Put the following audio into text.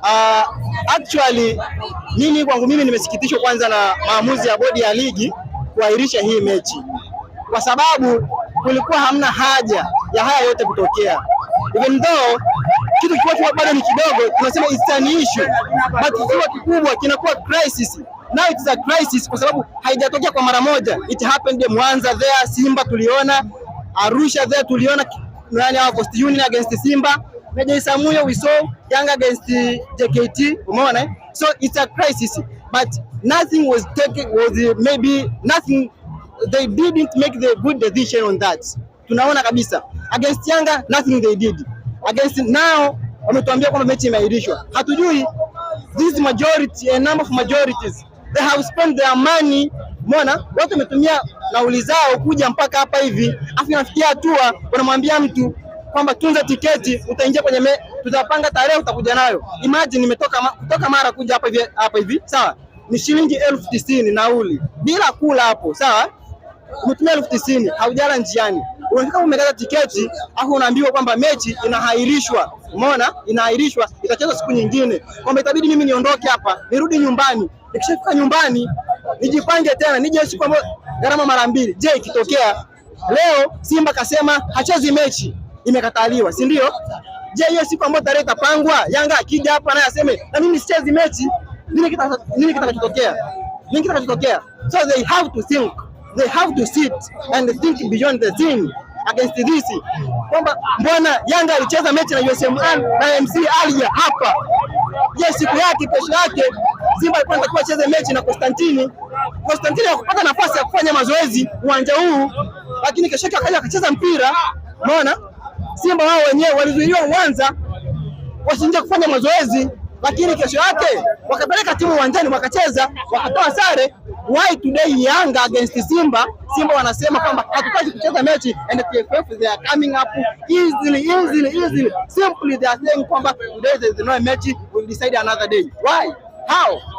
Uh, actually mimi kwangu mimi nimesikitishwa kwanza na maamuzi ya bodi ya ligi kuahirisha hii mechi, kwa sababu kulikuwa hamna haja ya haya yote kutokea, even though kitu kikiwa bado ni kidogo, tunasema it's an issue, but kikiwa kikubwa kinakuwa crisis. Now it's a crisis kwa sababu haijatokea kwa mara moja. It happened Mwanza there, Simba tuliona Arusha there, tuliona Coast Union against Simba Meja Isamuyo we saw Young against uh, JKT, umeona? Eh? So it's a crisis, but nothing was taken, was uh, maybe nothing, they didn't make the good decision on that. Tunaona kabisa against Yanga nothing they did. Against now wametuambia kwamba mechi imeahirishwa, hatujui this majority, a number of majorities they have spent their money Umeona, watu wametumia nauli zao kuja mpaka hapa hivi, afu nafikia hatua wanamwambia mtu kwamba tunza tiketi, utaingia kwenye me, tutapanga tarehe, utakuja nayo. Imagine nimetoka kutoka Mara kuja hapa hivi hapa hivi, sawa, ni shilingi elfu tisini nauli bila kula hapo, sawa. Umetumia elfu tisini haujala njiani, unafika umekata tiketi, afu unaambiwa kwamba mechi inahairishwa. Umeona, inahairishwa, itachezwa siku nyingine, kwamba itabidi mimi niondoke hapa nirudi nyumbani. Nikishafika nyumbani nijipange tena nije siku ambayo gharama mara mbili. Je, ikitokea leo Simba kasema hachezi mechi imekataliwa, si ndio? Je, hiyo siku ambayo tarehe itapangwa, Yanga akija hapa naye aseme na mimi sichezi mechi, nini kitakachotokea? Nini kitakachotokea? So they have to think, they have to sit and think beyond the team against this, kwamba mbona Yanga alicheza mechi na USM na MC Alger hapa. Je, siku yake kesho yake Simba alikuwa anatakiwa cheze mechi na Constantine. Constantine hakupata nafasi ya kufanya mazoezi uwanja huu, lakini kesho yake akaja akacheza mpira, umeona? Simba wao wenyewe walizuiliwa Mwanza wasiingie kufanya mazoezi, lakini kesho yake wakapeleka timu uwanjani wakacheza wakatoa sare. Why today Yanga against Simba? Simba wanasema kwamba hatutaki kucheza mechi and TFF they are coming up easily easily easily simply they are saying kwamba today there is no match we will decide another day. Why? How?